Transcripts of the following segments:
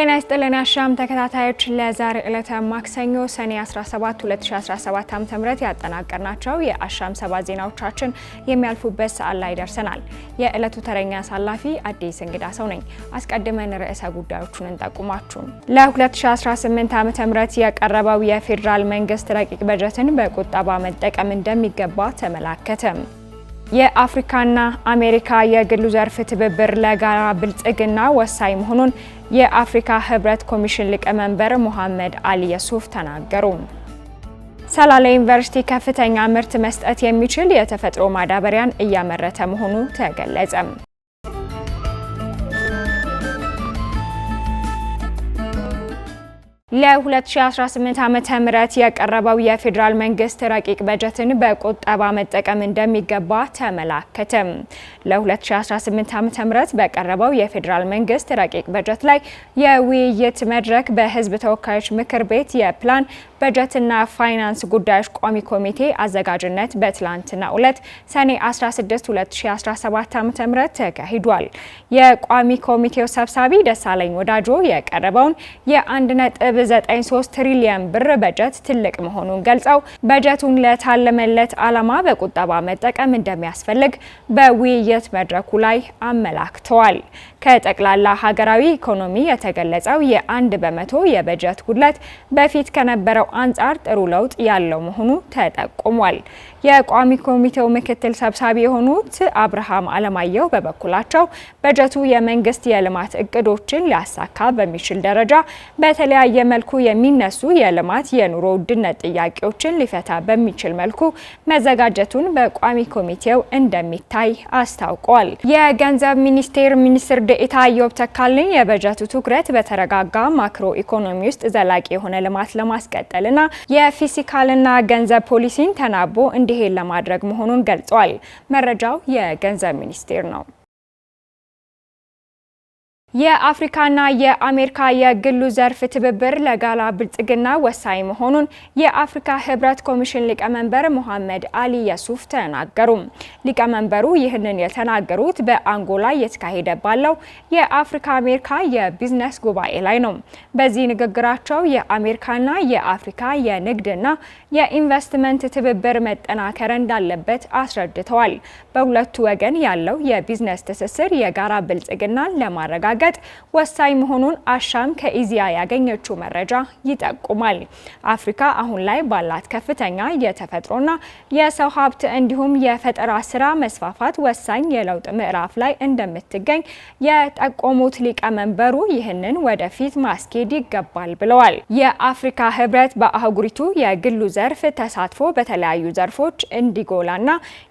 ጤና ይስጥልን አሻም ተከታታዮች ለዛሬ ዕለተ ማክሰኞ ሰኔ 17 2017 ዓ ም ያጠናቀርናቸው የአሻም ሰባት ዜናዎቻችን የሚያልፉበት ሰዓት ላይ ደርሰናል። የዕለቱ ተረኛ አሳላፊ አዲስ እንግዳ ሰው ነኝ። አስቀድመን ርዕሰ ጉዳዮቹን እንጠቁማችሁ ለ ለ2018 ዓ ም የቀረበው የፌዴራል መንግስት ረቂቅ በጀትን በቁጠባ መጠቀም እንደሚገባ ተመላከተም። የአፍሪካና አሜሪካ የግሉ ዘርፍ ትብብር ለጋራ ብልጽግና ወሳኝ መሆኑን የአፍሪካ ህብረት ኮሚሽን ሊቀመንበር ሞሐመድ አሊ የሱፍ ተናገሩ። ሰላሌ ዩኒቨርሲቲ ከፍተኛ ምርት መስጠት የሚችል የተፈጥሮ ማዳበሪያን እያመረተ መሆኑ ተገለጸ። ለ2018 ዓ.ም የቀረበው የፌዴራል መንግስት ረቂቅ በጀትን በቁጠባ መጠቀም እንደሚገባ ተመላከተም። ለ2018 ዓ.ም በቀረበው የፌዴራል መንግስት ረቂቅ በጀት ላይ የውይይት መድረክ በህዝብ ተወካዮች ምክር ቤት የፕላን በጀትና ፋይናንስ ጉዳዮች ቋሚ ኮሚቴ አዘጋጅነት በትላንትና ዕለት ሰኔ 16 2017 ዓ.ም ተካሂዷል። የቋሚ ኮሚቴው ሰብሳቢ ደሳለኝ ወዳጆ የቀረበውን የአንድ ነጥብ የ93 ትሪሊየን ብር በጀት ትልቅ መሆኑን ገልጸው በጀቱን ለታለመለት ዓላማ በቁጠባ መጠቀም እንደሚያስፈልግ በውይይት መድረኩ ላይ አመላክተዋል። ከጠቅላላ ሀገራዊ ኢኮኖሚ የተገለጸው የአንድ በመቶ የበጀት ጉድለት በፊት ከነበረው አንጻር ጥሩ ለውጥ ያለው መሆኑ ተጠቁሟል። የቋሚ ኮሚቴው ምክትል ሰብሳቢ የሆኑት አብርሃም አለማየሁ በበኩላቸው በጀቱ የመንግስት የልማት እቅዶችን ሊያሳካ በሚችል ደረጃ በተለያየ መልኩ የሚነሱ የልማት የኑሮ ውድነት ጥያቄዎችን ሊፈታ በሚችል መልኩ መዘጋጀቱን በቋሚ ኮሚቴው እንደሚታይ አስታውቋል። የገንዘብ ሚኒስቴር ሚኒስትር ዴኤታ ኢዮብ ተካልኝ የበጀቱ ትኩረት በተረጋጋ ማክሮ ኢኮኖሚ ውስጥ ዘላቂ የሆነ ልማት ለማስቀጠልና የፊስካልና ገንዘብ ፖሊሲን ተናቦ እንዲሄድ ለማድረግ መሆኑን ገልጿል። መረጃው የገንዘብ ሚኒስቴር ነው። የአፍሪካና የአሜሪካ የግሉ ዘርፍ ትብብር ለጋላ ብልጽግና ወሳኝ መሆኑን የአፍሪካ ህብረት ኮሚሽን ሊቀመንበር ሞሐመድ አሊ የሱፍ ተናገሩ። ሊቀመንበሩ ይህንን የተናገሩት በአንጎላ እየተካሄደ ባለው የአፍሪካ አሜሪካ የቢዝነስ ጉባኤ ላይ ነው። በዚህ ንግግራቸው የአሜሪካና የአፍሪካ የንግድና የኢንቨስትመንት ትብብር መጠናከር እንዳለበት አስረድተዋል። በሁለቱ ወገን ያለው የቢዝነስ ትስስር የጋራ ብልጽግናን ለማረጋገጥ ለማረጋገጥ ወሳኝ መሆኑን አሻም ከኢዚያ ያገኘችው መረጃ ይጠቁማል። አፍሪካ አሁን ላይ ባላት ከፍተኛ የተፈጥሮና የሰው ሀብት እንዲሁም የፈጠራ ስራ መስፋፋት ወሳኝ የለውጥ ምዕራፍ ላይ እንደምትገኝ የጠቆሙት ሊቀመንበሩ ይህንን ወደፊት ማስኬድ ይገባል ብለዋል። የአፍሪካ ህብረት በአህጉሪቱ የግሉ ዘርፍ ተሳትፎ በተለያዩ ዘርፎች እንዲጎላና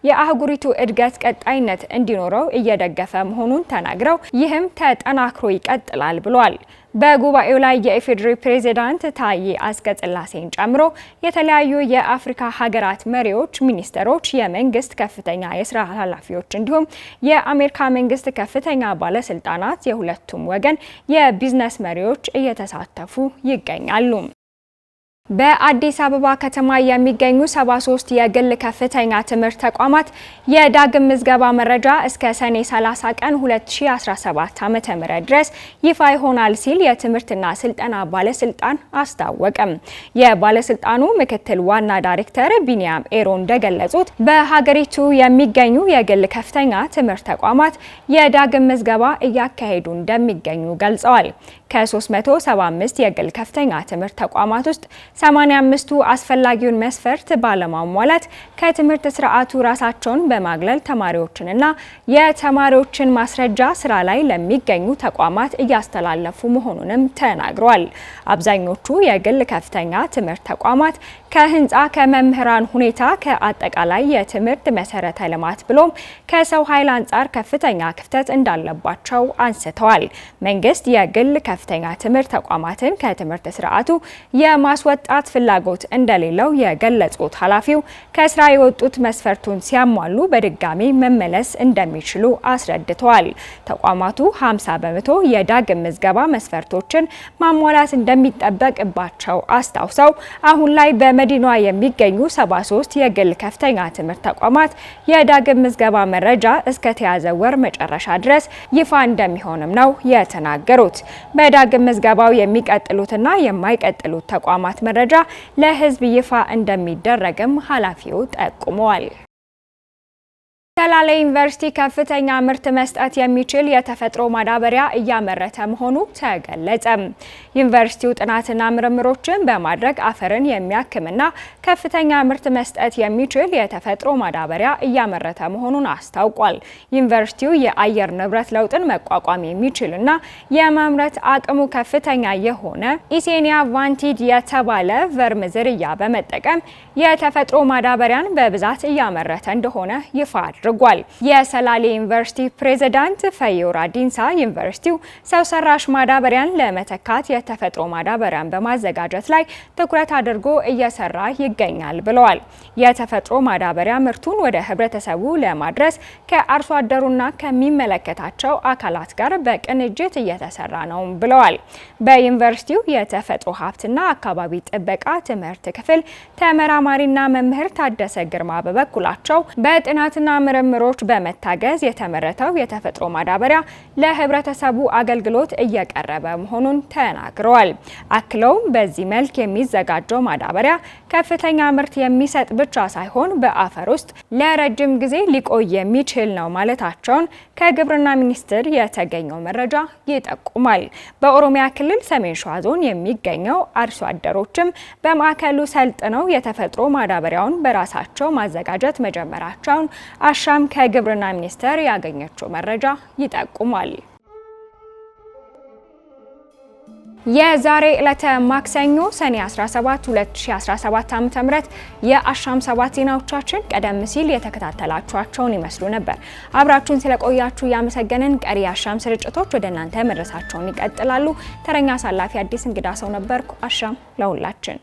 የአህጉሪቱ እድገት ቀጣይነት እንዲኖረው እየደገፈ መሆኑን ተናግረው ይህም ተጠ ተጠናክሮ ይቀጥላል ብሏል። በጉባኤው ላይ የኢፌዴሪ ፕሬዚዳንት ታዬ አስቀጽላሴን ጨምሮ የተለያዩ የአፍሪካ ሀገራት መሪዎች፣ ሚኒስትሮች፣ የመንግስት ከፍተኛ የስራ ኃላፊዎች እንዲሁም የአሜሪካ መንግስት ከፍተኛ ባለስልጣናት፣ የሁለቱም ወገን የቢዝነስ መሪዎች እየተሳተፉ ይገኛሉ። በአዲስ አበባ ከተማ የሚገኙ 73 የግል ከፍተኛ ትምህርት ተቋማት የዳግም ምዝገባ መረጃ እስከ ሰኔ 30 ቀን 2017 ዓ.ም ድረስ ይፋ ይሆናል ሲል የትምህርትና ስልጠና ባለስልጣን አስታወቀም። የባለስልጣኑ ምክትል ዋና ዳይሬክተር ቢኒያም ኤሮ እንደገለጹት በሀገሪቱ የሚገኙ የግል ከፍተኛ ትምህርት ተቋማት የዳግም ምዝገባ እያካሄዱ እንደሚገኙ ገልጸዋል። ከ375 የግል ከፍተኛ ትምህርት ተቋማት ውስጥ 85ቱ አስፈላጊውን መስፈርት ባለማሟላት ከትምህርት ስርዓቱ ራሳቸውን በማግለል ተማሪዎችንና የተማሪዎችን ማስረጃ ስራ ላይ ለሚገኙ ተቋማት እያስተላለፉ መሆኑንም ተናግሯል። አብዛኞቹ የግል ከፍተኛ ትምህርት ተቋማት ከህንፃ ከመምህራን ሁኔታ ከአጠቃላይ የትምህርት መሰረተ ልማት ብሎም ከሰው ኃይል አንጻር ከፍተኛ ክፍተት እንዳለባቸው አንስተዋል። መንግስት የግል ከፍተኛ ትምህርት ተቋማትን ከትምህርት ስርዓቱ የማስወ የመቅጣት ፍላጎት እንደሌለው የገለጹት ኃላፊው ከስራ የወጡት መስፈርቱን ሲያሟሉ በድጋሚ መመለስ እንደሚችሉ አስረድተዋል። ተቋማቱ 50 በመቶ የዳግም ምዝገባ መስፈርቶችን ማሟላት እንደሚጠበቅባቸው አስታውሰው አሁን ላይ በመዲኗ የሚገኙ 73 የግል ከፍተኛ ትምህርት ተቋማት የዳግም ምዝገባ መረጃ እስከ ተያዘ ወር መጨረሻ ድረስ ይፋ እንደሚሆንም ነው የተናገሩት። በዳግም ምዝገባው የሚቀጥሉትና የማይቀጥሉት ተቋማት መረጃ ለህዝብ ይፋ እንደሚደረግም ኃላፊው ጠቁመዋል። ሰላሌ ዩኒቨርሲቲ ከፍተኛ ምርት መስጠት የሚችል የተፈጥሮ ማዳበሪያ እያመረተ መሆኑ ተገለጸ። ዩኒቨርሲቲው ጥናትና ምርምሮችን በማድረግ አፈርን የሚያክምና ከፍተኛ ምርት መስጠት የሚችል የተፈጥሮ ማዳበሪያ እያመረተ መሆኑን አስታውቋል። ዩኒቨርሲቲው የአየር ንብረት ለውጥን መቋቋም የሚችልና የማምረት አቅሙ ከፍተኛ የሆነ ኢሴኒያ ቫንቲድ የተባለ ቨርም ዝርያ በመጠቀም የተፈጥሮ ማዳበሪያን በብዛት እያመረተ እንደሆነ ይፋ አድርጓል። አድርጓል። የሰላሌ ዩኒቨርሲቲ ፕሬዝዳንት ፈዮራ ዲንሳ ዩኒቨርሲቲው ሰው ሰራሽ ማዳበሪያን ለመተካት የተፈጥሮ ማዳበሪያን በማዘጋጀት ላይ ትኩረት አድርጎ እየሰራ ይገኛል ብለዋል። የተፈጥሮ ማዳበሪያ ምርቱን ወደ ህብረተሰቡ ለማድረስ ከአርሶ አደሩና ከሚመለከታቸው አካላት ጋር በቅንጅት እየተሰራ ነው ብለዋል። በዩኒቨርሲቲው የተፈጥሮ ሀብትና አካባቢ ጥበቃ ትምህርት ክፍል ተመራማሪና መምህር ታደሰ ግርማ በበኩላቸው በጥናትና ምርምር ምርምሮች በመታገዝ የተመረተው የተፈጥሮ ማዳበሪያ ለህብረተሰቡ አገልግሎት እየቀረበ መሆኑን ተናግረዋል። አክለውም በዚህ መልክ የሚዘጋጀው ማዳበሪያ ከፍተኛ ምርት የሚሰጥ ብቻ ሳይሆን በአፈር ውስጥ ለረጅም ጊዜ ሊቆይ የሚችል ነው ማለታቸውን ከግብርና ሚኒስቴር የተገኘው መረጃ ይጠቁማል። በኦሮሚያ ክልል ሰሜን ሸዋ ዞን የሚገኘው አርሶ አደሮችም በማዕከሉ ሰልጥነው የተፈጥሮ ማዳበሪያውን በራሳቸው ማዘጋጀት መጀመራቸውን አሻ መረጃም ከግብርና ሚኒስቴር ያገኘችው መረጃ ይጠቁማል። የዛሬ ዕለተ ማክሰኞ ሰኔ 17 2017 ዓ.ም የአሻም ሰባት ዜናዎቻችን ቀደም ሲል የተከታተላችኋቸውን ይመስሉ ነበር። አብራችሁን ስለቆያችሁ እያመሰገንን ቀሪ የአሻም ስርጭቶች ወደ እናንተ መድረሳቸውን ይቀጥላሉ። ተረኛ አሳላፊ አዲስ እንግዳ ሰው ነበርኩ። አሻም ለሁላችን!